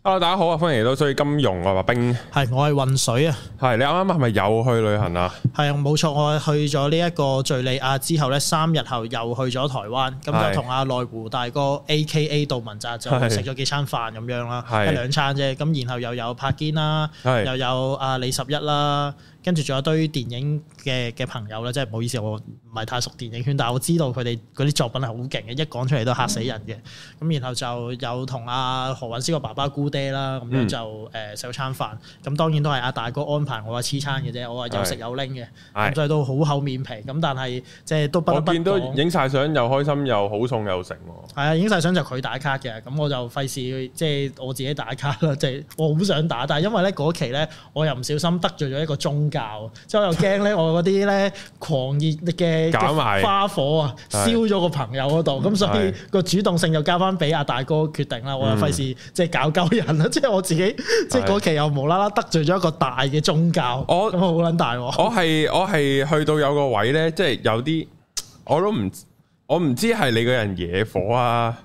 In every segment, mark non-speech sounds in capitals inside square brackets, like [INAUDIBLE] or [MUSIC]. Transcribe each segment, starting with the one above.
Hello、啊、大家好啊，歡迎嚟到《水與金融》我係兵，係我係混水啊，係你啱啱係咪有去旅行啊？係冇錯，我去咗呢一個敘利亞之後咧，三日後又去咗台灣，咁是就同阿內湖大哥 A K A 杜汶澤就去食咗幾餐飯咁樣啦，是一兩餐啫，咁然後又有柏堅啦，是又有阿李十一啦。跟住仲有一堆電影嘅嘅朋友咧，即係唔好意思，我唔係太熟電影圈，但係我知道佢哋嗰啲作品係好勁嘅，一講出嚟都嚇死人嘅。咁、嗯、然後就有同阿何韻詩個爸爸姑爹啦，咁樣就誒食咗餐飯。咁當然都係阿大哥安排我話黐餐嘅啫，嗯、我話有食有拎嘅，咁是所以都好厚面皮。咁但係即係都不不我見都影晒相，又開心又好餸又食喎。係啊，影晒相就佢打卡嘅，咁我就費事即係我自己打卡啦。即係我好想打，但係因為咧嗰期咧我又唔小心得罪咗一個中教，即係我又驚咧，我啲咧狂熱嘅搞埋花火啊，燒咗個朋友嗰度，咁、嗯、所以個主動性就交翻俾阿大哥決定啦，我又費事即係搞鳩人啦，即係我自己，即係嗰期又無啦啦得罪咗一個大嘅宗教，我好撚大，我係我係去到有個位咧，即、就、係、是、有啲我都唔我唔知係你個人惹火啊，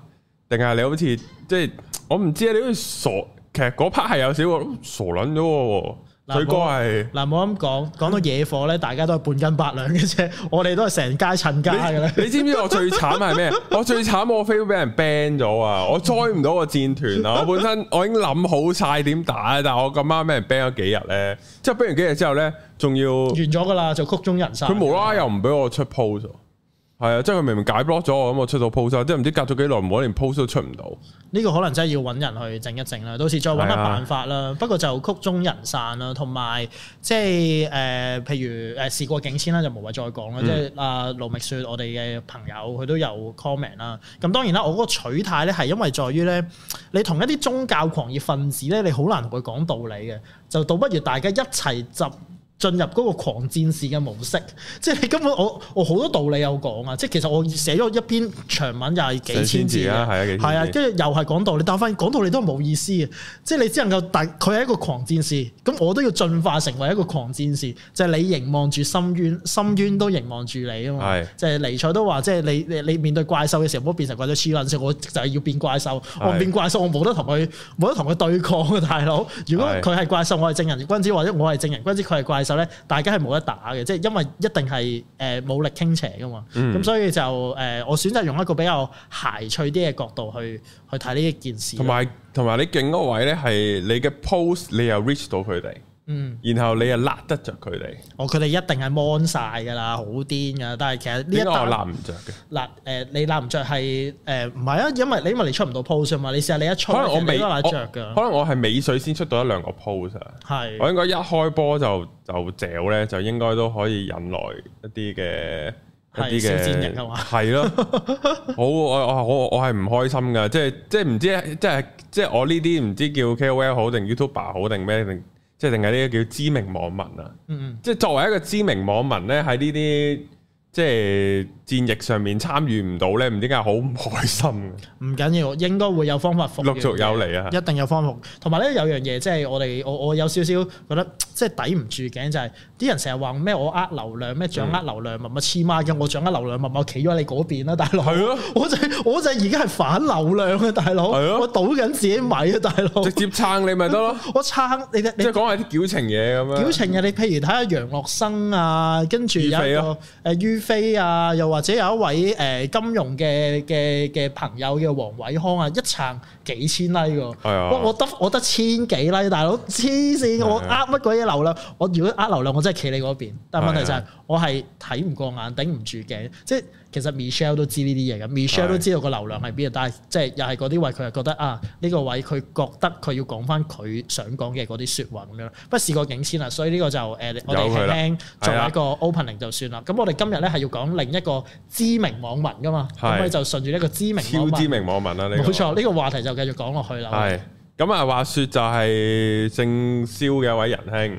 定係你好似即係我唔知啊，你好似傻，其實嗰 part 係有少少傻撚咗。佢哥係。嗱，冇咁講，講到野火咧，嗯、大家都係半斤八兩嘅啫。我哋都係成街襯街嘅咧。你知唔知我最慘係咩？我最慘，我飛都俾人 ban 咗啊！我 join 唔到個戰團啊。我本身我已經諗好晒點打，但係我咁啱俾人 ban 咗幾日咧。即係 ban 完幾日之後咧，仲要完咗噶啦，就曲終人散。佢無啦啦又唔俾我出 post 係啊，即係佢明明解 block 咗我咁，我，我出到 post，即係唔知隔咗幾耐，唔好連 post 都出唔到。呢個可能真係要揾人去整一整啦，到時再揾乜辦法啦。的不過就曲終人散啦，同埋即係誒、呃，譬如誒事、呃、過境遷啦，就無謂再講啦。嗯、即係阿盧覓雪，我哋嘅朋友佢都有 comment 啦。咁當然啦，我嗰個取態咧，係因為在於咧，你同一啲宗教狂熱分子咧，你好難同佢講道理嘅，就倒不如大家一齊執。進入嗰個狂戰士嘅模式，即係你根本我我好多道理有講啊！即係其實我寫咗一篇長文又係幾千字，千字啊，係啊，跟住又係講道理，但我發現講道理都係冇意思嘅，即係你只能夠大佢係一個狂戰士，咁我都要進化成為一個狂戰士，就係、是、你凝望住深淵，深淵都凝望住你啊嘛！的就係尼采都話，即係你你面對怪獸嘅時候，唔好變成怪獸黐撚線，我就係要變怪獸。的我變怪獸，我冇得同佢冇得同佢對抗啊，大佬！如果佢係怪獸，我係正人君子；或者我係正人君子，佢係怪。其實咧，大家係冇得打嘅，即係因為一定係誒武力傾斜㗎嘛，咁、嗯、所以就誒、呃、我選擇用一個比較諧趣啲嘅角度去去睇呢一件事。同埋同埋你勁嗰位咧，係你嘅 post 你又 reach 到佢哋。嗯，然後你又辣得着佢哋。哦，佢哋一定係 mon 晒噶啦，好癲噶但係其實呢一度辣唔着嘅。辣誒、呃，你辣唔着係誒唔係啊？因為你因為你出唔到 post 啊嘛，你試下你一出，可能我未着我可能我係尾水先出到一兩個 post 啊。係是，我應該一開波就就嚼咧，就應該都可以引來一啲嘅是一啲嘅戰役啊嘛。係咯，好我我我我係唔開心噶，即係即係唔知即係即係我呢啲唔知叫 K O L，well，好定 YouTuber 好定咩定？即係定係呢個叫知名網民啊？嗯嗯，即係作為一個知名網民咧，喺呢啲即係。戰役上面參與唔到咧，唔知點解好唔開心。唔緊要，應該會有方法復。陸續有嚟啊！一定有方法。同埋咧，有樣嘢即係我哋，我我有少少覺得即係抵唔住頸，就係、是、啲、就是、人成日話咩我呃流量，咩掌握流量，密密黐孖筋，我掌握流量，默默企咗喺你嗰邊啊，大佬。係咯對、啊就是。我就我就而家係反流量啊，大佬。對啊、我倒緊自己米啊，大佬。對啊、大直接撐你咪得咯。 [LAUGHS] 我撐你即係講下啲矯情嘢咁樣。矯情嘢，你譬如睇下楊樂生啊，跟住有個誒於飛啊，啊，又。或者有一位誒、呃、金融嘅嘅嘅朋友叫黃偉康啊，一撐幾千呎㗎、哎呀，我我得我得千幾呎，大佬黐線，我呃乜鬼嘢流量？我如果呃流量，我真係企你嗰邊，但係問題就係、是哎、呀我係睇唔過眼，頂唔住頸，即係其實 Michelle 都知呢啲嘢嘅，Michelle 都知道個的流量係邊啊，但係即係又係嗰啲位，佢又覺得啊，呢個位佢覺得佢要講翻佢想講嘅嗰啲説話咁樣，不過試過境先啦。所以呢個就誒、呃，我哋聽做一個 opening 就算啦。咁的我哋今日咧係要講另一個知名網民噶嘛，咁咪的就順住呢個知名知名網民啦。冇、啊呢個、錯，呢、呢個話題就繼續講落去啦。係咁啊，話説就係姓蕭嘅一位仁兄，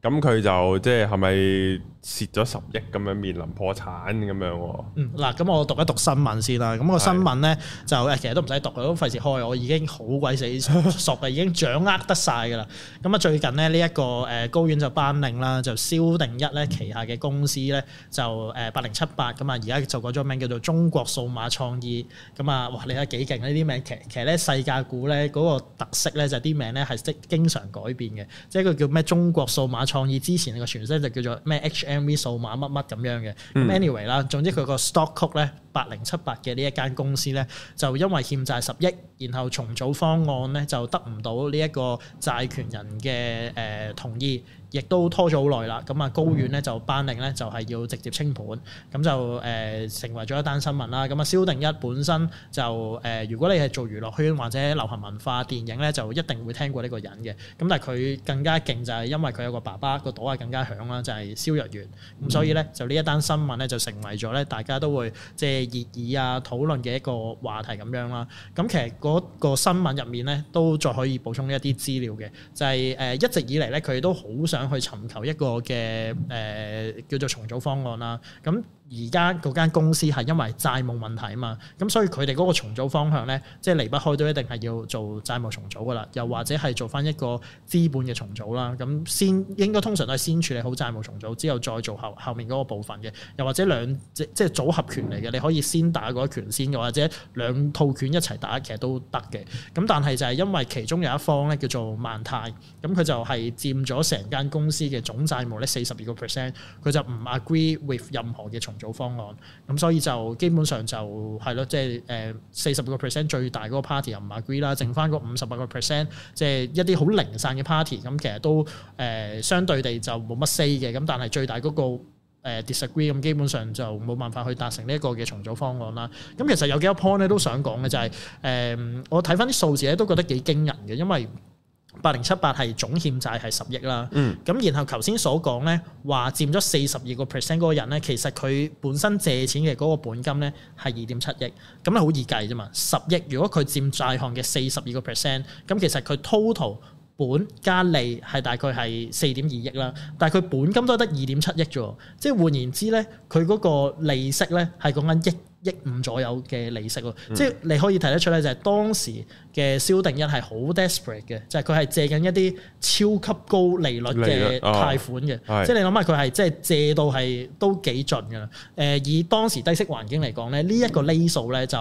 咁佢就即係係咪？蝕咗十億咁樣，面臨破產咁樣。嗯，嗱，咁我讀一讀新聞先啦。咁、那個新聞咧的就誒，其實都唔使讀，都費事開。我已經好鬼死熟嘅，已經掌握得晒㗎啦。咁啊，最近咧呢一、這個誒高院就頒令啦，就蕭定一咧旗下嘅公司咧就誒八零七八咁啊，而家就改咗名叫做中國數碼創意。咁啊，哇，你睇幾勁？呢啲名其實其實咧細價股咧嗰個特色咧就啲名咧係即經常改變嘅。即係佢叫咩？中國數碼創意之前個全稱就叫做咩 M.V. 數碼乜乜咁樣嘅，咁 anyway 啦，總之佢個 stock code 咧八零七八嘅呢一間公司咧，就因為欠債十億，然後重組方案咧就得唔到呢一個債權人嘅誒、呃、同意。亦都拖咗好耐啦，咁啊高院咧就頒令咧就係要直接清盤，咁、嗯、就誒、呃、成為咗一單新聞啦。咁啊蕭定一本身就誒、呃、如果你係做娛樂圈或者流行文化電影咧，就一定會聽過呢個人嘅。咁但係佢更加勁就係因為佢有個爸爸個朵係更加響啦，就係、是、蕭若元。咁、嗯、所以咧就呢一單新聞咧就成為咗咧大家都會即係熱議啊討論嘅一個話題。咁樣啦。咁其實嗰個新聞入面咧都再可以補充一啲資料嘅，就係、是、誒、呃、一直以嚟咧佢都好想。想去尋求一個嘅誒、呃、叫做重組方案啦，咁。而家嗰間公司係因為債務問題啊嘛，咁所以佢哋嗰個重組方向咧，即係離不開都一定係要做債務重組噶啦，又或者係做翻一個資本嘅重組啦。咁先應該通常都係先處理好債務重組之後再做後後面嗰個部分嘅，又或者兩即係即係組合拳嚟嘅，你可以先打嗰一拳先，又或者兩套拳一齊打，其實都得嘅。咁但係就係因為其中有一方咧叫做萬泰，咁佢就係佔咗成間公司嘅總債務咧，四十二個 percent，佢就唔 agree with 任何嘅重組組方案，咁、嗯、所以就基本上就係咯，即係誒四十個 percent 最大嗰個 party 又唔 agree 啦，剩翻個五十八個 percent，即係一啲好零散嘅 party，咁其實都誒、呃、相對地就冇乜 say 嘅，咁但係最大嗰、那個、呃、disagree，咁、嗯、基本上就冇辦法去達成呢一個嘅重組方案啦。咁、嗯、其實有幾個 point 咧都想講嘅就係、是、誒、呃，我睇翻啲數字咧都覺得幾驚人嘅，因為。八零七八係總欠債係十億啦，咁、嗯、然後頭先所講咧話佔咗四十二個 percent 嗰個人咧，其實佢本身借錢嘅嗰個本金咧係二點七億，咁咧好易計啫嘛。十億如果佢佔債項嘅四十二個 percent，咁其實佢 total 本加利係大概係四點二億啦。但係佢本金都得二點七億啫，即係換言之咧，佢嗰個利息咧係講緊一億五左右嘅利息喎。嗯、即係你可以睇得出咧，就係當時。嘅蕭定一係好 desperate 嘅，就係佢係借緊一啲超級高利率嘅貸款嘅，哦、即係你諗下佢係即係借到係都幾盡噶啦。誒、呃，以當時低息環境嚟講咧，呢、這、一個厘數咧就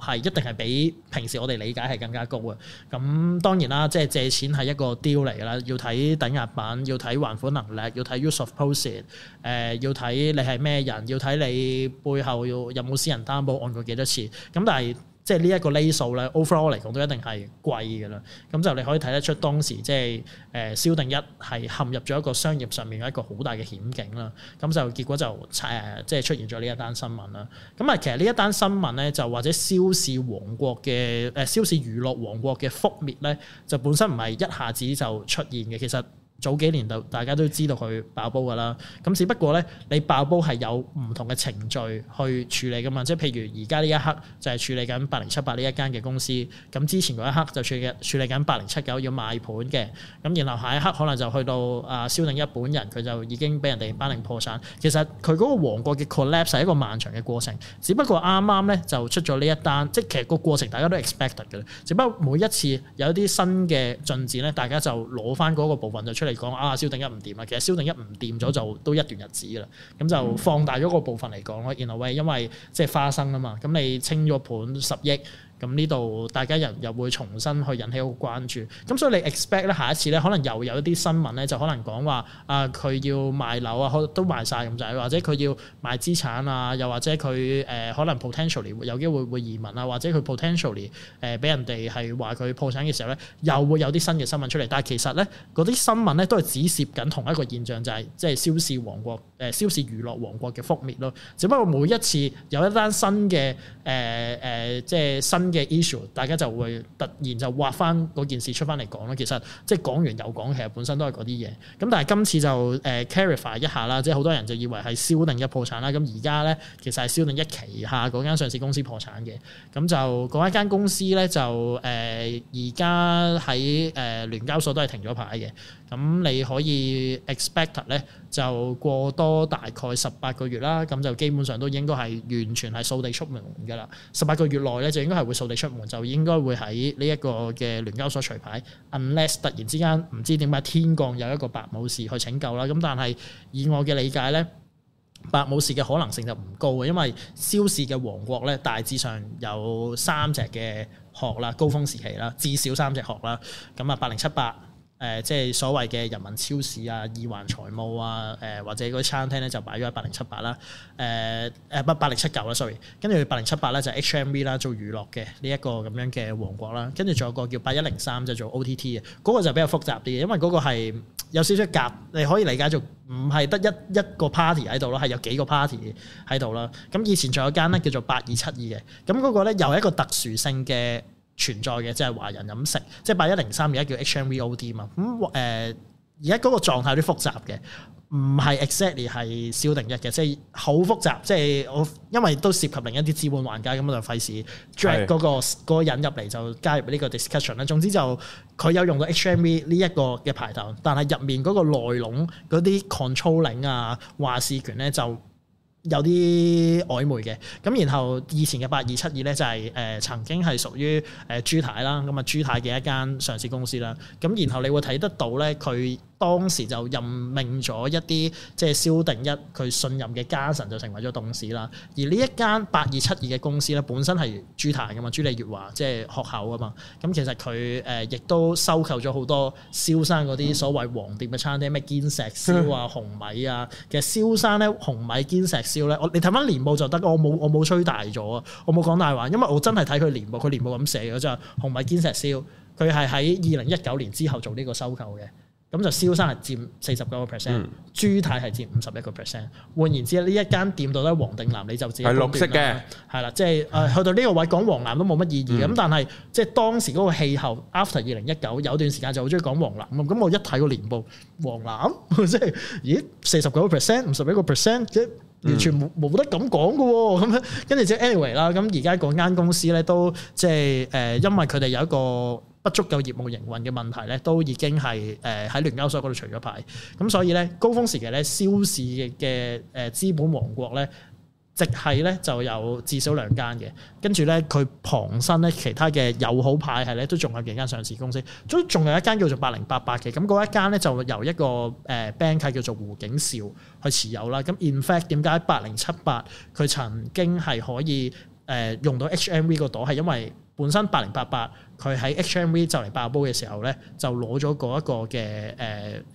係一定係比平時我哋理解係更加高嘅。咁、嗯、當然啦，即、就、係、是、借錢係一個 deal 嚟啦，要睇抵押品，要睇還款能力，要睇 use of post，誒、呃，要睇你係咩人，要睇你背後要有冇私人擔保按佢幾多次。咁、嗯、但係即係呢一個虧數咧，overall 嚟講都一定係貴嘅啦。咁就你可以睇得出當時即係誒燒定一蕭定一係陷入咗一個商業上面嘅一個好大嘅險境啦。咁就結果就誒、呃、即係出現咗呢一單新聞啦。咁啊，其實呢一單新聞咧，就或者蕭氏王國嘅誒蕭氏娛樂王國嘅覆滅咧，就本身唔係一下子就出現嘅，其實。早幾年大家都知道佢爆煲㗎啦，咁只不過咧，你爆煲係有唔同嘅程序去處理㗎嘛？即係譬如而家呢一刻就係處理緊八零七八呢一間嘅公司，咁之前嗰一刻就處理處理緊八零七九要賣盤嘅，咁然後下一刻可能就去到啊蕭定一本人，佢就已經俾人哋頒令破產。其實佢嗰個王國嘅 collapse 係一個漫長嘅過程，只不過啱啱咧就出咗呢一單，即係其實個過程大家都 expected 㗎，只不過每一次有啲新嘅進展咧，大家就攞翻嗰個部分就出嚟。講啊，蕭定一唔掂啊。其實蕭定一唔掂咗就都一段日子啦，咁就放大咗個部分嚟講咯。In a way，因為即係花生啊嘛，咁你清咗盤十億。咁呢度大家又又會重新去引起一個關注，咁所以你 expect 咧下一次咧，可能又有一啲新聞咧，就可能講話、呃、啊，佢要賣樓啊、呃，可都賣晒，咁就係或者佢要賣資產啊，又或者佢誒可能 potentially 有機會會移民啊，或者佢 potentially 誒俾人哋係話佢破產嘅時候咧，又會有啲新嘅新聞出嚟。但係其實咧，嗰啲新聞咧都係指涉緊同一個現象，就係即係蕭氏王國誒蕭氏娛樂王國嘅覆滅咯。只不過每一次有一單新嘅誒誒即係新。嘅 issue，大家就會突然就挖翻嗰件事出翻嚟講咯。其實即係講完又講，其實本身都係嗰啲嘢。咁但係今次就誒 clarify 一下啦，即係好多人就以為係蕭定一破產啦。咁而家咧，其實係蕭定一旗下嗰間上市公司破產嘅。咁就嗰間公司咧就誒而家喺誒聯交所都係停咗牌嘅。咁你可以 expect 咧就過多大概十八個月啦，咁就基本上都應該係完全係掃地出門嘅啦。十八個月內咧就應該係會掃地出門，就應該會喺呢一個嘅聯交所除牌。Unless 突然之間唔知點解天降有一個白武士去拯救啦，咁但係以我嘅理解咧，白武士嘅可能性就唔高嘅，因為蕭氏嘅王國咧大致上有三隻嘅殼啦，高峰時期啦，至少三隻殼啦，咁啊八零七八。誒、呃，即係所謂嘅人民超市啊，二環財務啊，誒、呃、或者嗰啲餐廳咧就擺咗喺八零七八啦，誒誒八零七九啦，sorry，跟住八零七八咧就 H M V 啦，做娛樂嘅呢一個咁樣嘅王國啦，跟住仲有個叫八一零三就做 O T T 嘅。嗰個就比較複雜啲嘅，因為嗰個係有少少夾，你可以理解做唔係得一一個 party 喺度咯，係有幾個 party 喺度啦。咁以前仲有一間咧叫做八二七二嘅，咁嗰個咧又一個特殊性嘅。存在嘅即係華人飲食，即係八一零三而家叫 HMVOD 嘛、嗯，咁誒而家嗰個狀態有啲複雜嘅，唔係 exactly 係蕭定一嘅，即係好複雜。即係我因為都涉及另一啲資本玩家，咁我就費事 drag 嗰個嗰個人入嚟就加入呢個 discussion 啦是。總之就佢有用到 HMV 呢一個嘅牌頭，但係入面嗰個內籠嗰啲 controlling 啊話事權咧就，有啲曖昧嘅，咁然後以前嘅八二七二咧就係、係、誒、呃、曾經係屬於誒朱太啦，咁啊朱太嘅一間上市公司啦，咁然後你會睇得到咧佢。當時就任命咗一啲即係蕭定一，佢信任嘅家臣就成為咗董事啦。而呢一間八二七二嘅公司咧，本身係朱太噶嘛，朱麗月華即係學校啊嘛。咁其實佢誒亦都收購咗好多蕭生嗰啲所謂黃店嘅餐廳，咩堅石燒啊、紅米啊。其實蕭生咧紅米堅石燒咧，我你睇翻年報就得，我冇我冇吹大咗啊，我冇講大話，因為我真係睇佢年報，佢年報咁寫嘅，即係紅米堅石燒，佢係喺二零一九年之後做呢個收購嘅。咁就蕭生係佔四十九個 percent，朱太係佔五十一個 percent。換言之，呢一間店到底黃定藍，你就知係綠色嘅，係啦。即係誒去到呢個位講黃藍都冇乜意義嘅。咁但係即係當時嗰個氣候，after 二零一九有段時間就好中意講黃藍咁。咁我一睇個年報，黃藍即係咦，四十九個 percent，五十一個 percent，即係完全冇冇得咁講㗎喎。咁樣跟住即係 anyway 啦。咁而家嗰間公司咧都即係誒，因為佢哋有一個。不足夠業務營運嘅問題咧，都已經係誒喺聯交所嗰度除咗牌，咁所以咧高峰時期咧，蕭氏嘅誒、呃、資本王國咧，直係咧就有至少兩間嘅，跟住咧佢旁身咧其他嘅友好派系咧都仲有幾間上市公司，都仲有一間叫做八零八八嘅，咁、那、嗰、個、一間咧就由一個誒 bank、呃、叫做胡景兆去持有啦。咁、啊、in fact 點解八零七八佢曾經係可以誒、呃、用到 H M V 個朵係因為？本身八零八八，佢喺 HMV 就嚟爆煲嘅時候咧，就攞咗嗰一個嘅誒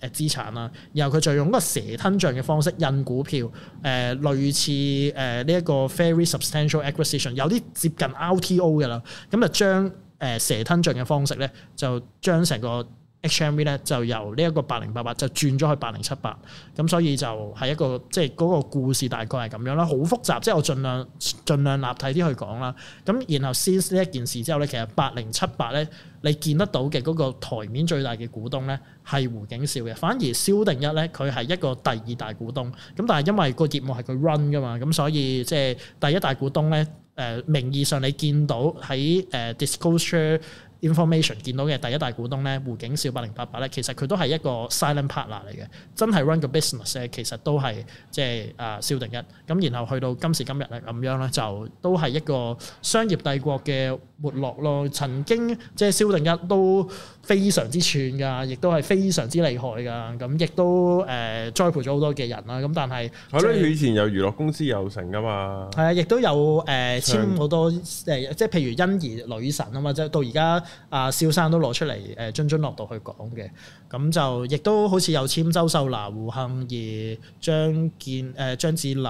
誒資產啦，然後佢就用個蛇吞象嘅方式印股票，誒、呃、類似誒呢一個 very substantial acquisition，有啲接近 RTO 嘅啦，咁就將誒、呃、蛇吞象嘅方式咧，就將成個 H.M.V 咧就由呢一個八零八八就轉咗去八零七八，咁所以就係一個即係嗰個故事大概係咁樣啦，好複雜，即係我盡量盡量立體啲去講啦。咁然後先呢一件事之後咧，其實八零七八咧，你見得到嘅嗰個台面最大嘅股東咧係胡景兆嘅，反而蕭定一咧佢係一個第二大股東。咁但係因為個業務係佢 run 噶嘛，咁所以即係第一大股東咧，誒名義上你見到喺誒 disclosure Information 見到嘅第一大股東咧，胡景兆八零八八咧，其實佢都係一個 silent partner 嚟嘅，真係 run 個 business 嘅，其實都係即係啊，蕭、呃、定一咁，然後去到今時今日咧咁樣咧，就都係一個商業帝國嘅。沒落咯，曾經即係蕭定一都非常之串㗎，亦都係非常之厲害㗎，咁亦都誒栽培咗好多嘅人啦。咁但係係咯，佢、嗯、是以前有娛樂公司有成㗎嘛？係啊，亦都有誒、呃、簽好多誒、呃，即係譬如欣宜女神啊嘛，即係到而家阿蕭生都攞出嚟誒津津樂道去講嘅。咁、嗯、就亦都好似有簽周秀娜、胡杏兒、張健、誒張智霖、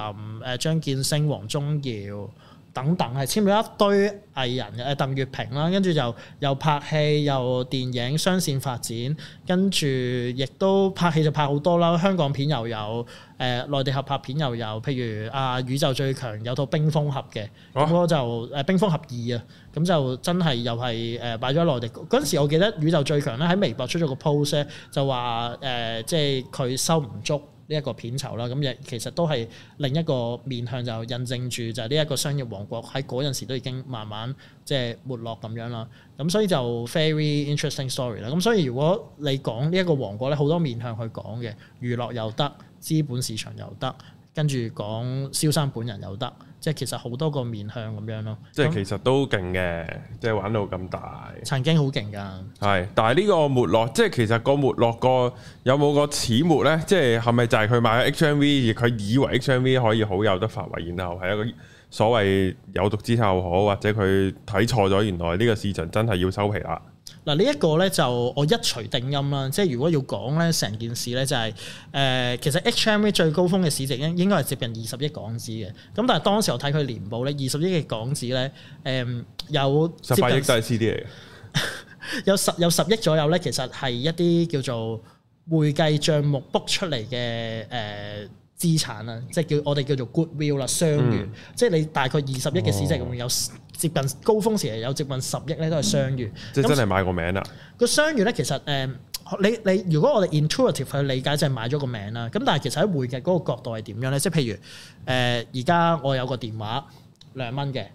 誒張、呃、建生、黃宗耀。等等係簽咗一堆藝人嘅誒，鄧月平啦，跟住就又拍戲又電影雙線發展，跟住亦都拍戲就拍好多啦，香港片又有誒、呃，內地合拍片又有，譬如啊宇宙最強有套冰封俠嘅，咁、啊、我就誒冰封俠二啊，咁就真係又係誒擺咗內地嗰陣時，我記得宇宙最強咧喺微博出咗個 post 就話誒、呃、即係佢收唔足呢一個片酬啦，咁亦其實都係另一個面向，就印證住就係呢一個商業王國喺嗰陣時都已經慢慢即係沒落咁樣啦。咁所以就 very interesting story 啦。咁所以如果你講呢一個王國咧，好多面向去講嘅，娛樂又得，資本市場又得，跟住講蕭生本人又得。即係其實好多個面向咁樣咯，即係其實都勁嘅、嗯，即係玩到咁大。曾經好勁噶，係，但係呢個沒落，即係其實個沒落個有冇個始末呢？即係係咪就係佢買咗 H M V，而佢以為 H M V 可以好有得發圍，然後係一個所謂有毒之後好，或者佢睇錯咗，原來呢個市場真係要收皮啦。嗱，呢一個咧就我一錘定音啦，即係如果要講咧，成件事咧就係、是、誒、呃、其實 H M V 最高峰嘅市值應應該係接近二十億港紙嘅，咁但係當時我睇佢年報咧，二十億嘅港紙咧，誒有十八億都係 C D 嚟嘅，有十有十億左右咧，其實係一啲叫做會計帳目 book 出嚟嘅誒。呃資產啊，即係叫我哋叫做 goodwill 啦，商譽、嗯。即係你大概二十億嘅市值入、哦、有接近高峰時係有接近十億咧，都係商譽。即係真係買個名啦。個商譽咧其實誒、呃，你你如果我哋 intuitive 去理解就係買咗個名啦。咁但係其實喺會計嗰個角度係點樣咧？即係譬如誒，而、呃、家我有個電話兩蚊嘅，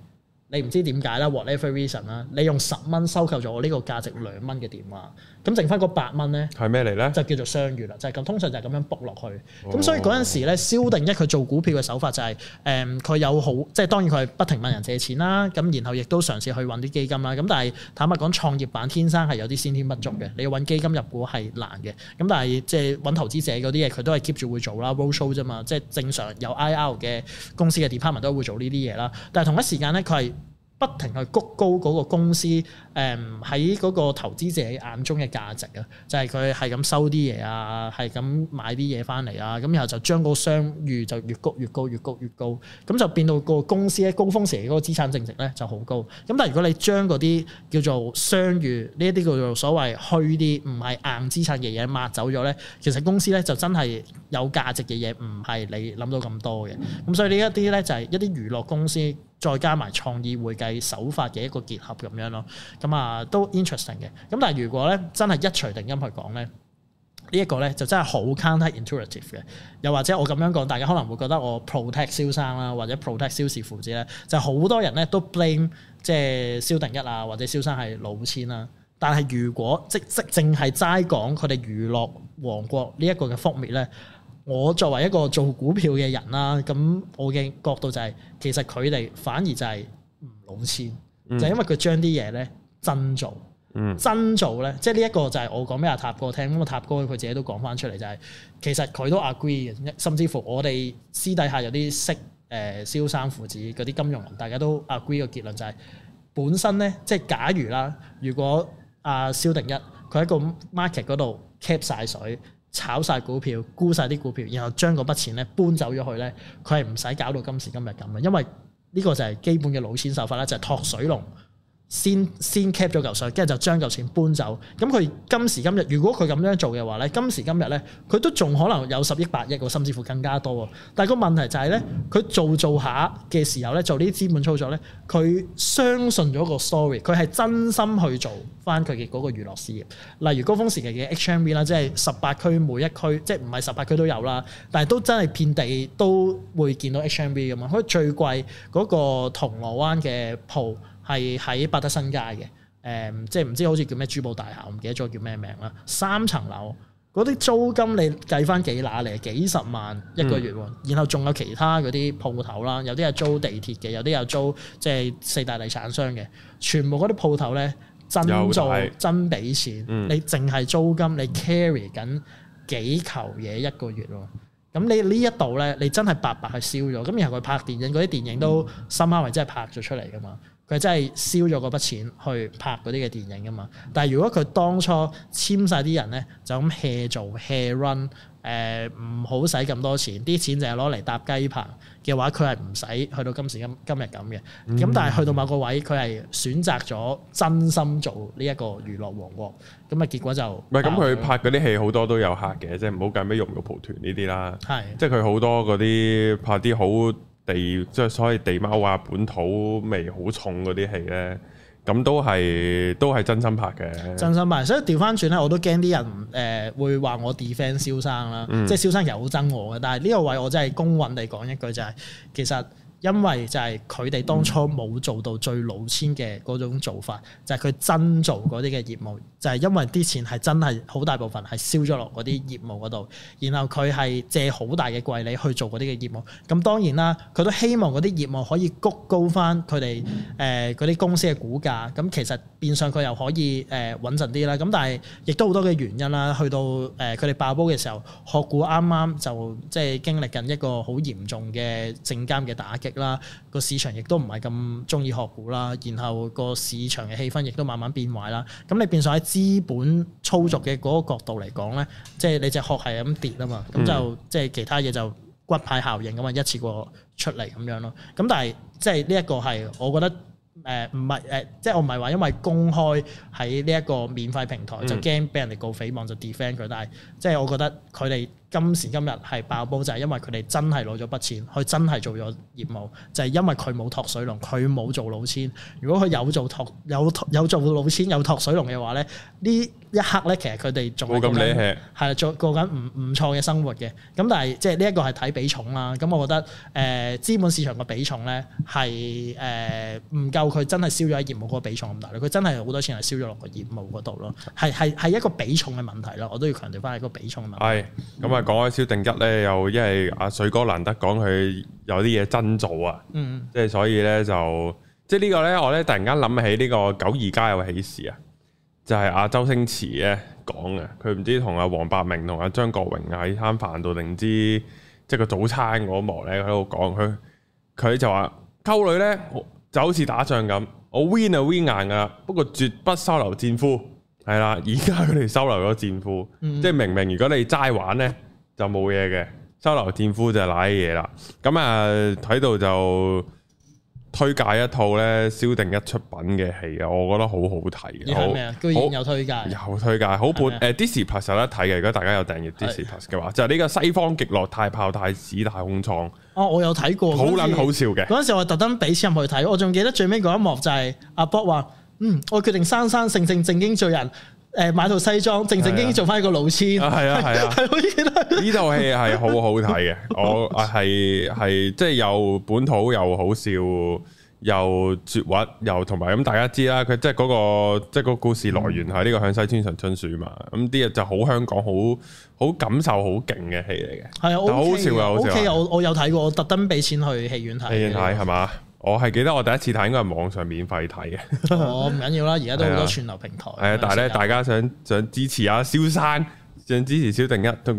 你唔知點解啦，whatever reason 啦，你用十蚊收購咗我呢個價值兩蚊嘅電話。咁剩翻個八蚊咧，係咩嚟咧？就叫做商譽啦，就係、是、咁。通常就係咁樣卜落去。咁、哦、所以嗰陣時咧，蕭定一佢做股票嘅手法就係、是，誒、嗯，佢有好，即、就、係、是、當然佢係不停問人借錢啦。咁然後亦都嘗試去揾啲基金啦。咁但係坦白講，創業板天生係有啲先天不足嘅，你要揾基金入股係難嘅。咁但係即係揾投資者嗰啲嘢，佢都係 keep 住會做啦 roadshow 啫嘛。即係、就是、正常有 IR 嘅公司嘅 department 都會做呢啲嘢啦。但係同一時間咧，佢係，不停去谷高嗰個公司，誒喺嗰個投資者眼中嘅價值啊，就係佢係咁收啲嘢啊，係咁買啲嘢翻嚟啊，咁然後就將個商譽就越谷越高，越谷越高，咁就變到個公司喺高峰時嗰個資產淨值咧就好高。咁但係如果你將嗰啲叫做商譽，呢一啲叫做所謂虛啲唔係硬資產嘅嘢抹走咗咧，其實公司咧就真係有價值嘅嘢唔係你諗到咁多嘅。咁所以呢一啲咧就係一啲娛樂公司。再加埋創意會計手法嘅一個結合咁樣咯，咁啊都 interesting 嘅。咁但係如果咧真係一錘定音去講咧，呢、這、一個咧就真係好 counterintuitive 嘅。又或者我咁樣講，大家可能會覺得我 protect 蕭生啦，或者 protect 蕭氏父子咧，就好、是、多人咧都 blame 即係蕭定一啊，或者蕭生係老千啦。但係如果即即正係齋講佢哋娛樂王國呢一個嘅覆滅咧。我作為一個做股票嘅人啦，咁我嘅角度就係、是，其實佢哋反而就係唔老千，嗯、就因為佢將啲嘢咧真做，嗯、真做咧，即係呢一個就係我講俾阿塔哥聽，咁啊塔哥佢自己都講翻出嚟就係、是，其實佢都 agree 嘅，甚至乎我哋私底下有啲識誒蕭生父子嗰啲金融人，大家都 agree 個結論就係、是，本身咧即係假如啦，如果阿、啊、蕭定一佢喺個 market 嗰度 cap 晒水。炒晒股票，沽晒啲股票，然後將嗰筆錢咧搬走咗去咧，佢係唔使搞到今時今日咁嘅，因為呢個就係基本嘅老錢手法啦，就係托水龍。先先 cap 咗嚿水，跟住就將嚿錢搬走。咁佢今時今日，如果佢咁樣做嘅話咧，今時今日咧，佢都仲可能有十億、百億，甚至乎更加多。但係個問題就係咧，佢做做下嘅時候咧，做呢啲資本操作咧，佢相信咗個 story，佢係真心去做翻佢嘅嗰個娛樂事業。例如高峰時期嘅 HMV 啦，即係十八區每一區，即係唔係十八區都有啦，但係都真係遍地都會見到 HMV 咁樣。佢最貴嗰個銅鑼灣嘅鋪。係喺百德新街嘅，誒、嗯，即係唔知好似叫咩珠寶大廈，我唔記得咗叫咩名啦。三層樓，嗰啲租金你計翻幾乸嚟？幾十萬一個月喎。嗯、然後仲有其他嗰啲鋪頭啦，有啲係租地鐵嘅，有啲又租即係四大地產商嘅。全部嗰啲鋪頭咧，真做大真俾錢。嗯、你淨係租金，你 carry 緊幾球嘢一個月喎？咁你呢一度咧，你真係白白去燒咗。咁然後佢拍電影，嗰啲電影都三亞維真係拍咗出嚟噶嘛？嗯佢真係燒咗嗰筆錢去拍嗰啲嘅電影啊嘛！但係如果佢當初簽晒啲人咧，就咁 hea 做 hea run，誒唔好使咁多錢，啲錢淨係攞嚟搭雞棚嘅話，佢係唔使去到今時今今日咁嘅。咁、嗯、但係去到某個位，佢係選擇咗真心做呢一個娛樂王國，咁啊結果就唔係咁，佢拍嗰啲戲好多都有客嘅，即係唔好計咩玉玉蒲團呢啲啦，係即係佢好多嗰啲拍啲好。地即係所謂地貓啊，本土味好重嗰啲戲咧，咁都係都係真心拍嘅，真心拍。所以調翻轉咧，我都驚啲人誒、呃、會話我 defend 蕭生啦，嗯、即係蕭生又好憎我嘅。但係呢個位我真係公允地講一句就係、是、其實。因為就係佢哋當初冇做到最老千嘅嗰種做法，就係、是、佢真做嗰啲嘅業務，就係、是、因為啲錢係真係好大部分係燒咗落嗰啲業務嗰度，然後佢係借好大嘅貴利去做嗰啲嘅業務。咁當然啦，佢都希望嗰啲業務可以谷高翻佢哋誒嗰啲公司嘅股價。咁其實變相佢又可以誒穩陣啲啦。咁、呃、但係亦都好多嘅原因啦，去到誒佢哋爆煲嘅時候，學股啱啱就即係經歷緊一個好嚴重嘅證監嘅打擊。啦，個市場亦都唔係咁中意學股啦，然後個市場嘅氣氛亦都慢慢變壞啦。咁你變相喺資本操作嘅嗰個角度嚟講咧，即係你隻殼係咁跌啊嘛，咁、嗯、就即係其他嘢就骨牌效應咁啊，一次過出嚟咁樣咯。咁但係即係呢一個係我覺得誒唔係誒，即係我唔係話因為公開喺呢一個免費平台、嗯、就驚畀人哋告誹謗就 defend 佢，但係即係我覺得佢哋今時今日係爆煲，就係、是、因為佢哋真係攞咗筆錢，佢真係做咗業務，就係、是、因為佢冇托水龍，佢冇做老千。如果佢有做托有有做老千有托水龍嘅話咧，呢一刻咧，其實佢哋仲冇咁瀨氣，做過緊唔唔錯嘅生活嘅。咁但係即係呢一個係睇比重啦。咁、嗯、我覺得誒、呃、資本市場個比重咧係誒唔夠佢真係燒咗喺業務嗰個比重咁大咯。佢真係好多錢係燒咗落個業務嗰度咯。係係係一個比重嘅問題咯。我都要強調翻係個比重問題。係咁啊！嗯講開蕭定一呢，又因為阿水哥難得講佢有啲嘢真做啊，即係所以呢，就即係呢個呢，我呢突然間諗起呢個九二家有喜事啊，就係阿周星馳呢講嘅，佢唔知同阿黃百鳴同阿張國榮喺餐飯度定知即係個早餐嗰幕呢喺度講，佢佢就話溝女呢就好似打仗咁，我 win 啊 win 硬噶，不過絕不收留戰俘。係啦，而家佢哋收留咗戰俘，即係、嗯、明明如果你齋玩呢。就冇嘢嘅，收留店夫就係瀨嘢啦。咁啊，睇到就推介一套咧，蕭定一出品嘅戲嘅，我覺得好好睇。係咩啊？居然有推介？有推介，好本誒 Disney+ 有得睇嘅。如果大家有訂閱 Disney+ 嘅話，就係呢個西方極樂太炮太子太空艙。哦，我有睇過，好捻好笑嘅。嗰陣時我特登俾錢入去睇，我仲記得最尾嗰一幕就係阿博話：嗯，我決定生生性性正經做人。誒，買套西裝，正正經經做翻一個老千。係啊，係啊，係、啊。呢套戲係好好睇嘅，我係係即係又本土又好笑，又絕活，又同埋咁大家知啦。佢即係嗰、嗰個即係個故事來源係呢個《向西村上春樹》嘛。咁啲嘢就好香港，好好感受好勁嘅戲嚟嘅。係啊，好笑嘅，O K。我我有睇過，我特登俾錢去戲院睇，戲院睇係嘛？我係記得我第一次睇應該係網上免費睇嘅。我唔、哦、緊要啦，而家都好多串流平台。係的但係咧，大家想想支持下、啊、蕭生，想支持蕭定一都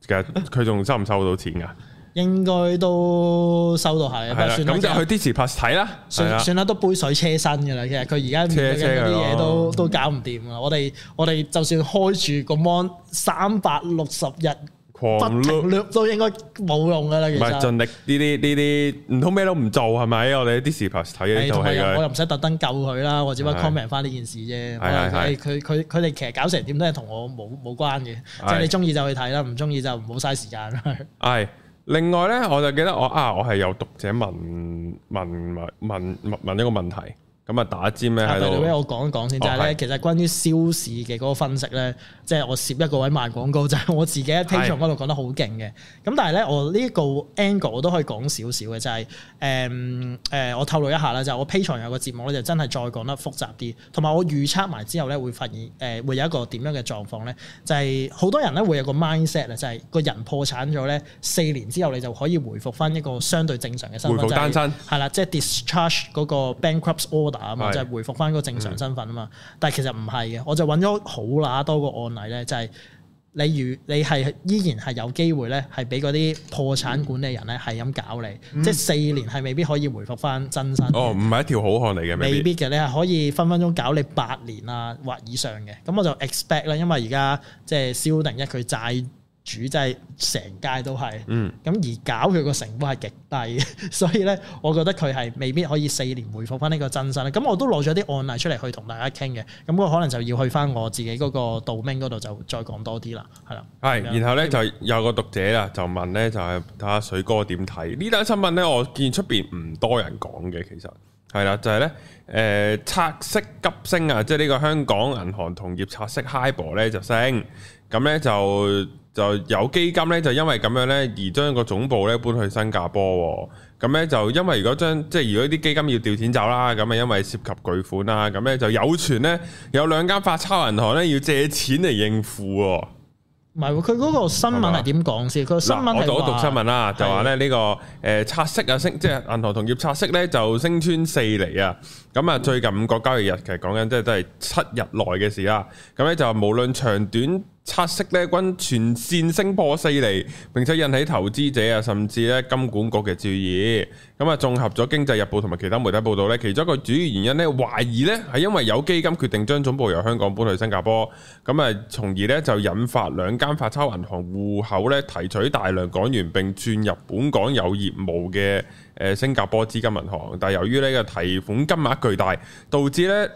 其實佢仲收唔收到錢㗎、啊？應該都收到係。咁的就去 Discus 睇啦。算算啦，都杯水車薪㗎啦。其實佢而家面對嘅啲嘢都車車都搞唔掂啦。我哋、嗯、我哋就算開住個 mon 三百六十日。全力都應該冇用噶啦，其實。唔係盡力呢啲呢啲，唔通咩都唔做係咪？我哋啲視頻睇嘅，我又唔使特登救佢啦，我只不過 comment 返呢件事啫。佢佢佢哋其實搞成點都係同我冇冇關嘅，即係你中意就去睇啦，唔中意就唔好嘥時間。係，另外咧，我就記得我啊，我係有讀者問問問問問一個問題。咁啊，打尖咩喺度？我講一講先，就係、是、咧，哦、其實關於蕭市嘅嗰個分析咧，即係的我攝一個位賣廣告，就係、是、我自己喺 Patreon 嗰度講得好勁嘅。咁的但係咧，我呢個 angle 我都可以講少少嘅，就係誒誒，我透露一下啦，就係、是、我 Patreon 有個節目咧，就真係再講得複雜啲。同埋我預測埋之後咧，會發現誒、呃、會有一個點樣嘅狀況咧，就係、是、好多人咧會有個 mindset 咧，就係個人破產咗咧四年之後，你就可以回復翻一個相對正常嘅身份是。報單身。係啦，即係 discharge 嗰個 bankrupt order。啊嘛，就係回復翻個正常身份啊嘛，嗯、但係其實唔係嘅，我就揾咗好乸多個案例咧，就係、是、你如你係依然係有機會咧，係俾嗰啲破產管理人咧係咁搞你，嗯、即係四年係未必可以回復翻真身。哦，唔係一條好漢嚟嘅，未必嘅，你係可以分分鐘搞你八年啊或以上嘅。咁我就 expect 啦，因為而家即係蕭定一佢債。主制成街都係，咁、嗯、而搞佢個成本係極低， [LAUGHS] 所以咧，我覺得佢係未必可以四年回復翻呢個真身咧。咁我都攞咗啲案例出嚟去同大家傾嘅，咁我可能就要去翻我自己嗰個 domain 嗰度就再講多啲啦，係啦、嗯。係吧，然後咧白就有個讀者啦，就問咧就係睇下水哥點睇呢單新聞咧？我見出面唔多人講嘅，其實係啦，就係、是、咧，誒、呃、拆息急升啊！即係呢個香港銀行同業拆息 HIBOR 咧就升，咁咧就。就有基金咧，就因為咁樣咧，而將個總部咧搬去新加坡喎。咁咧就因為如果將即係如果啲基金要調錢走啦，咁啊因為涉及巨款啦，咁咧就有傳咧有兩間發鈔銀行咧要借錢嚟應付。唔係，佢嗰個新聞係點講先？佢吧新聞我都讀新聞啦，的就話咧呢個誒拆的、呃、息啊升，即係銀行同業拆息咧就升穿四厘啊。咁啊 [LAUGHS] 最近五個交易日其實講緊即係都係七日內嘅事啦。咁咧就無論長短。拆息呢均全線升破四釐，並且引起投資者啊甚至呢金管局嘅注意。咁、嗯、啊，綜合咗經濟日報同埋其他媒體報道呢，其中一個主要原因呢，懷疑呢係因為有基金決定將總部由香港搬去新加坡，咁、嗯、啊，從而呢就引發兩間發鈔銀行戶口呢提取大量港元並轉入本港有業務嘅誒、呃、新加坡資金銀行，但由於呢個提款金額巨大，導致呢。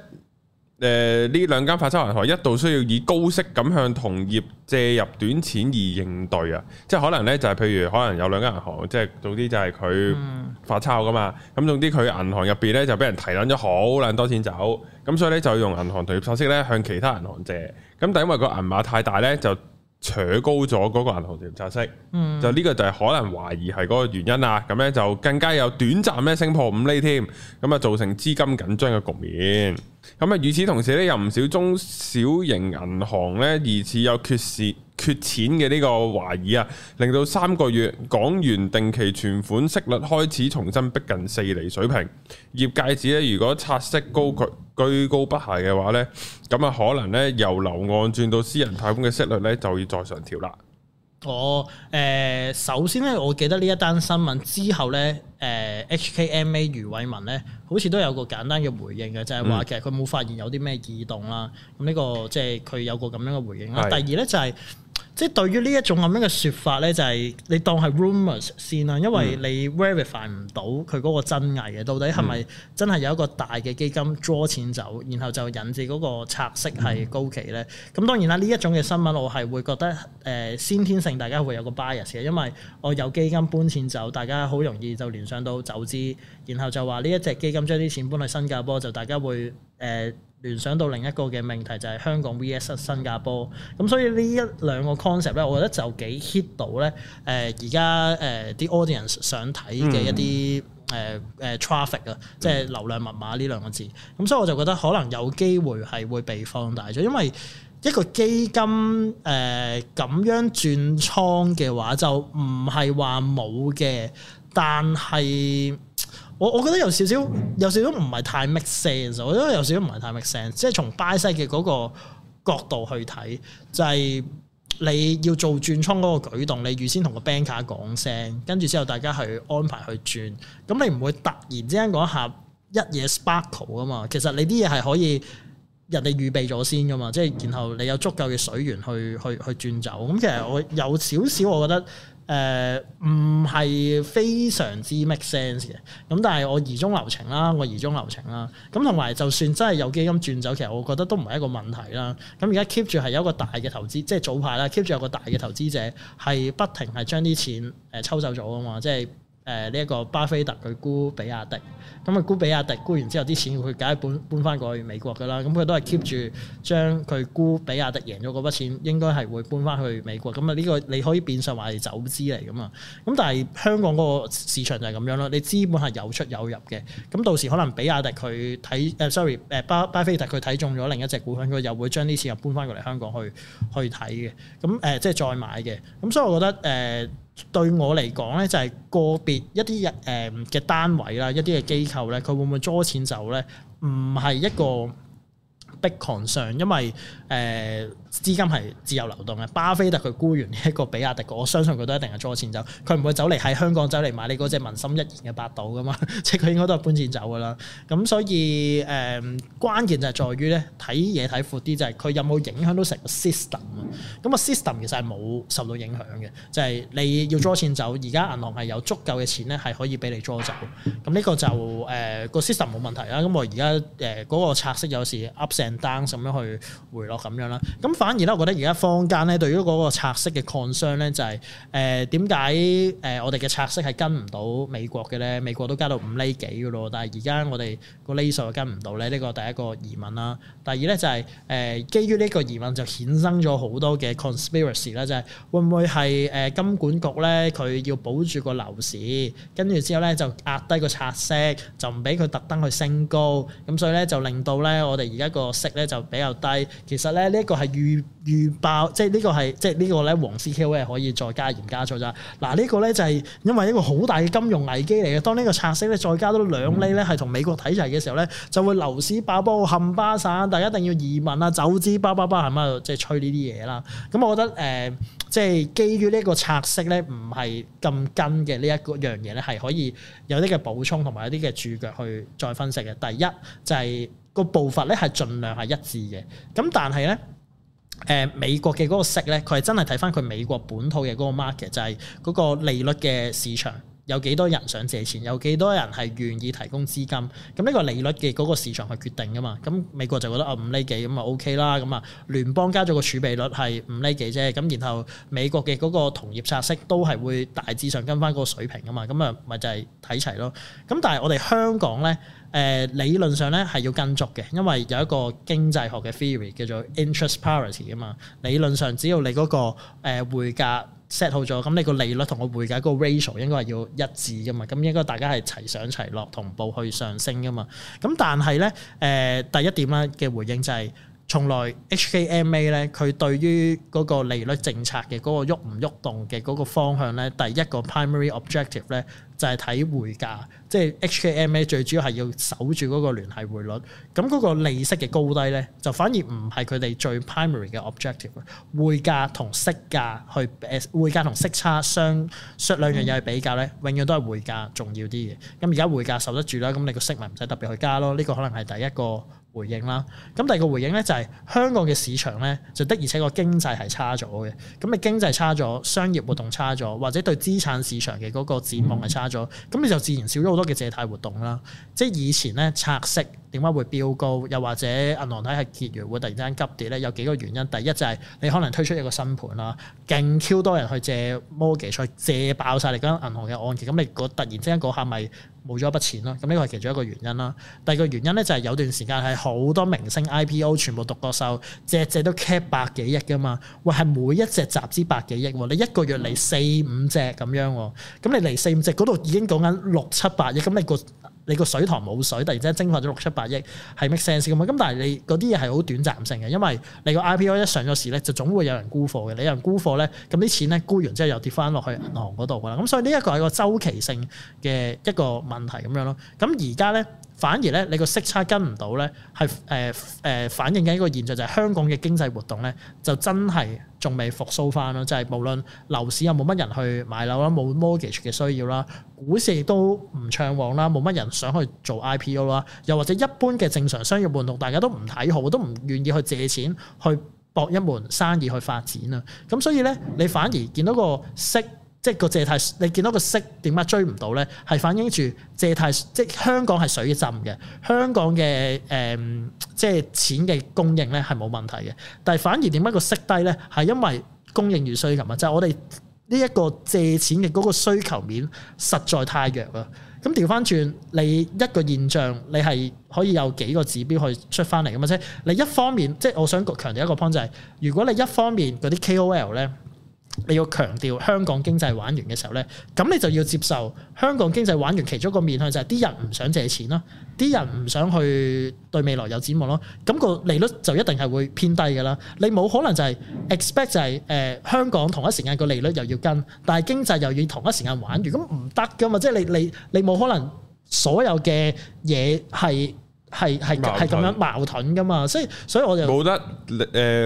誒，呢、呃、兩間發鈔銀行一度需要以高息咁向同業借入短錢而應對啊，即係可能咧就係、是，譬如可能有兩間銀行，即係總之就係佢發鈔噶嘛，咁總之佢銀行入邊咧就俾人提捻咗好捻多錢走，咁所以咧就要用銀行同業拆息咧向其他銀行借，咁但係因為個銀碼太大咧，就扯高咗嗰個銀行同業拆息，嗯、就呢個就係可能懷疑係嗰個原因啊，咁咧就更加有短暫咩升破五厘添，咁啊造成資金緊張嘅局面。咁啊，與此同時咧，有唔少中小型銀行咧，疑似有缺失缺錢嘅呢個懷疑啊，令到三個月港元定期存款息率開始重新逼近四厘水平。業界指咧，如果拆息高企居高不下嘅話咧，咁啊可能咧由樓按轉到私人貸款嘅息率咧就要再上調啦。我誒、呃、首先咧，我記得呢一單新聞之後咧，誒、呃、HKMA 余偉文咧，好似都有個簡單嘅回應嘅，就係、是、話其實佢冇發現有啲咩異動啦。咁呢、呢個即係佢有個咁樣嘅回應啦。是第二咧就係、是。即係對於呢一種咁樣嘅説法咧，就係、是、你當係 rumours u 先啦，因為你 verify 唔到佢嗰個真偽嘅，到底係咪真係有一個大嘅基金 draw 錢走，然後就引致嗰個拆息係高企咧？咁、嗯、當然啦，呢一種嘅新聞我係會覺得誒、呃、先天性大家會有個 bias 嘅，因為我有基金搬錢走，大家好容易就聯想到走資，然後就話呢一隻基金將啲錢搬去新加坡，就大家會誒，呃聯想到另一個嘅命題就係香港 V.S. 新加坡，咁所以呢一兩個 concept 咧，我覺得就幾 hit 到咧，誒而家誒啲 audience 想睇嘅一啲誒誒 traffic 啊，即、呃、係、呃、流量密碼呢兩個字，咁所以我就覺得可能有機會係會被放大咗，因為一個基金誒咁、呃、樣轉倉嘅話，就唔係話冇嘅，但係。我我覺得有少少有少少唔係太 make sense，我覺得有少少唔係太 make sense，即係從 buy side 嘅嗰個角度去睇，就係你要做轉倉嗰個舉動，你預先同個 banker 講聲，跟住之後大家去安排去轉，咁你唔會突然之間講下一嘢 sparkle 啊嘛，其實你啲嘢係可以人哋預備咗先噶嘛，即係然後你有足夠嘅水源去去去轉走，咁其實我有少少，我覺得。誒唔係非常之 make sense 嘅，咁但係我疑中留情啦，我疑中留情啦，咁同埋就算真係有基金轉走，其實我覺得都唔係一個問題啦。咁而家 keep 住係有一個大嘅投資，即係早排啦，keep 住有個大嘅投資者係不停係將啲錢誒抽走咗啊嘛，即係。誒呢一個巴菲特佢沽比亞迪，咁佢沽比亞迪沽完之後，啲錢佢梗係搬搬翻過去美國㗎啦，咁佢都係 keep 住將佢沽比亞迪贏咗嗰筆錢，應該係會搬翻去美國。咁啊呢個你可以變相話係走資嚟㗎嘛。咁但係香港嗰個市場就係咁樣咯，你資本係有出有入嘅。咁到時可能比亞迪佢睇誒，sorry 誒巴巴菲特佢睇中咗另一隻股份，佢又會將啲錢又搬翻過嚟香港去去睇嘅。咁、呃、誒即係再買嘅。咁所以我覺得誒。呃對我嚟講咧，就係、是、個別一啲嘅誒嘅單位啦，一啲嘅機構咧，佢會唔會攞錢走咧？唔係一個。逼倉上，concern，因為誒、呃、資金係自由流動嘅。巴菲特佢沽完一個比亞迪我相信佢都一定係攞錢走，佢唔會走嚟喺香港走嚟買你嗰隻民心一言嘅百度噶嘛，即係佢應該都係搬錢走噶啦。咁所以誒、呃、關鍵就係在於咧，睇嘢睇闊啲，就係、是、佢有冇影響到成個 system 咁啊 system 其實係冇受到影響嘅，就係、是、你要攞錢走，而家銀行係有足夠嘅錢咧，係可以俾你攞走。咁呢個就誒、呃，那個 system 冇問題啦。咁我而家誒嗰個拆息有時 up 上。單咁樣去回落咁樣啦，咁反而咧，我覺得而家坊間咧對於嗰個拆息嘅抗商咧，就係誒點解誒我哋嘅拆息係跟唔到美國嘅咧？美國都加到五厘幾嘅咯，但係而家我哋個厘數又跟唔到咧，呢、這個第一個疑問啦。第二咧就係、是、誒、呃，基於呢個疑問就衍生咗好多嘅 conspiracy 啦，就係、是、會唔會係誒金管局咧佢要保住個樓市，跟住之後咧就壓低個拆息，就唔俾佢特登去升高，咁所以咧就令到咧我哋而家個。值咧就比較低，其實咧呢一個係預預爆，即係呢個係即係呢個咧黃 c k 咧可以再加鹽加醋啦。嗱、啊，呢、這個咧就係因為一個好大嘅金融危機嚟嘅。當呢個拆息咧再加多兩厘咧，係同美國睇齊嘅時候咧，嗯、就會樓市爆煲冚巴散。大家一定要移民啊！走資包包包係咪即係吹呢啲嘢啦？咁我覺得誒，即、呃、係、就是、基於呢個拆息咧，唔係咁跟嘅呢一個樣嘢咧，係可以有啲嘅補充同埋有啲嘅注腳去再分析嘅。第一就係、是。個步伐咧係盡量係一致嘅，咁但係咧，誒、呃、美國嘅嗰個息咧，佢係真係睇返佢美國本土嘅嗰個 market，就係、是、嗰個利率嘅市場。有幾多人想借錢？有幾多人係願意提供資金？咁呢個利率嘅嗰個市場去決定噶嘛？咁美國就覺得啊五厘幾，咁啊 OK 啦，咁啊聯邦加咗個儲備率係五厘幾啫，咁然後美國嘅嗰個同業拆息都係會大致上跟翻嗰個水平噶嘛，咁啊咪就係睇齊咯。咁但係我哋香港咧，誒、呃、理論上咧係要跟足嘅，因為有一個經濟學嘅 theory 叫做 interest parity 啊嘛。理論上只要你嗰、嗰個誒、呃、匯價。set 好咗，咁你個利率同我匯價嗰個 ratio 應該係要一致噶嘛，咁應該大家係齊上齊落同步去上升噶嘛，咁但係咧，誒、呃、第一點咧嘅回應就係、是。從來 HKMA 咧，佢對於嗰個利率政策嘅嗰個喐唔喐動嘅嗰個方向咧，第一個 primary objective 咧就係睇匯價，即係 HKMA 最主要係要守住嗰個聯繫匯率。咁嗰個利息嘅高低咧，就反而唔係佢哋最 primary 嘅 objective。匯價同息價去誒，匯價同息差相説兩樣嘢比較咧，永遠都係匯價重要啲嘅。咁而家匯價守得住啦，咁你個息咪唔使特別去加咯。呢個可能係第一個。回應啦，咁第二個回應咧就係、是、香港嘅市場咧，就的而且確經濟係差咗嘅，咁你經濟差咗，商業活動差咗，或者對資產市場嘅嗰個展望係差咗，咁你、嗯、就自然少咗好多嘅借貸活動啦，即係以前咧拆息，點解會飆高？又或者銀行體系結餘會突然間急跌咧？有幾個原因。第一就係你可能推出一個新盤啦，勁 Q 多人去借摩記，借爆晒你間銀行嘅按揭。咁你個突然之間嗰下咪冇咗一筆錢咯。咁呢個係其中一個原因啦。第二個原因咧就係有段時間係好多明星 IPO 全部獨角獸，隻隻都 cap 百幾億噶嘛。喂，係每一隻集資百幾億喎，你一個月嚟四五隻咁樣喎。咁你嚟四五隻嗰度已經講緊六七百億，咁你個。你個水塘冇水，突然之間蒸發咗六七百億，係 make sense 嘅嘛？咁但係你嗰啲嘢係好短暫性嘅，因為你個 IPO 一上咗市咧，就總會有人沽貨嘅。你有人沽貨咧，咁啲錢咧沽完之後又跌翻落去銀行嗰度㗎啦。咁所以呢一個係個周期性嘅一個問題咁樣咯。咁而家咧。反而咧，你個息差跟唔到咧，係誒誒反映緊一個現象，就係香港嘅經濟活動咧，就真係仲未復甦翻咯。即係無論樓市有冇乜人去買樓啦，冇 mortgage 嘅需要啦，股市亦都唔暢旺啦，冇乜人想去做 IPO 啦，又或者一般嘅正常商業活動，大家都唔睇好，都唔願意去借錢去搏一門生意去發展啊。咁所以咧，你反而見到個息。即係個借貸，你見到個息點解追唔到咧？係反映住借貸，即係香港係水浸嘅。香港嘅誒，即、呃、係、就是、錢嘅供應咧係冇問題嘅，但係反而點解個息低咧？係因為供應遠需求啊！即、就、係、是、我哋呢一個借錢嘅嗰個需求面實在太弱啦。咁調翻轉，你一個現象，你係可以有幾個指標去出翻嚟嘅嘛？即、就、係、是、你一方面，即、就、係、是、我想強調一個 point 就係、是，如果你一方面嗰啲 KOL 咧。你要強調香港經濟玩完嘅時候咧，咁你就要接受香港經濟玩完，其中一個面向就係啲人唔想借錢咯，啲人唔想去對未來有展望咯，咁個利率就一定係會偏低嘅啦。你冇可能就係 expect 就係誒香港同一時間個利率又要跟，但係經濟又要同一時間玩，如果唔得噶嘛。即係你你你冇可能所有嘅嘢係。係，係，係咁樣矛盾噶嘛，所以所以我就冇得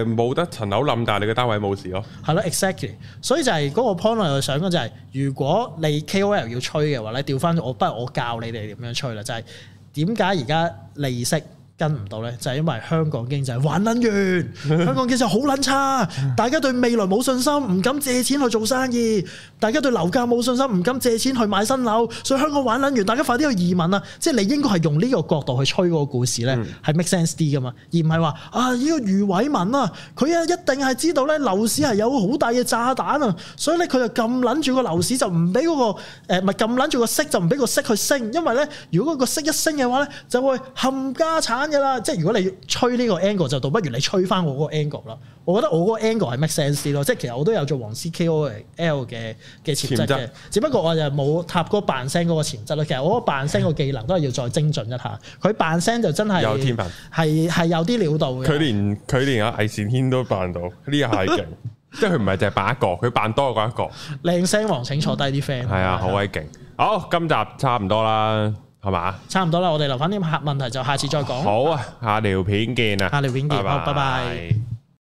誒冇、呃、得層樓冧，但係你嘅單位冇事咯。係咯，exactly。所以就係嗰個 point 我就想講就係、是，如果你 KOL 要吹嘅話咧，調翻我，不如我教你哋點樣吹啦。就係點解而家利息跟唔到呢，就係、是、因為香港經濟玩撚完，香港經濟好撚差，大家對未來冇信心，唔敢借錢去做生意，大家對樓價冇信心，唔敢借錢去買新樓，所以香港玩撚完，大家快啲去移民啊！即係你應該係用呢個角度去吹嗰個故事呢，係、嗯、make sense 啲噶嘛，而唔係話啊呢個余偉文啊，佢、這個、啊一定係知道呢，樓市係有好大嘅炸彈啊，所以呢，佢就咁撚住個樓市就唔俾嗰個誒，咁撚住個息就唔俾個息去升，因為呢，如果嗰個息一升嘅話呢，就會冚家產。即係如果你吹呢個 angle 就，倒不如你吹翻我嗰個 angle 啦。我覺得我嗰個 angle 係 make sense 咯，即係其實我都有做黃屍 KOL 嘅嘅潛質嘅，質只不過我就冇塔哥扮聲嗰個潛質咯。其實我嗰扮聲個技能都係要再精進一下。佢扮聲就真係有天分，係係有啲料到嘅。佢連佢連阿魏善軒都扮到，呢個係勁， [LAUGHS] 即係佢唔係淨係扮一個，佢扮多一個。靚 [LAUGHS] 聲王，請坐低啲 friend、嗯。係啊，好鬼勁。啊、好，今集差唔多啦。係嘛？好差唔多啦，我哋留翻啲客問題就下次再講。好啊，下條片見啊，下條片見，bye bye，好，拜拜。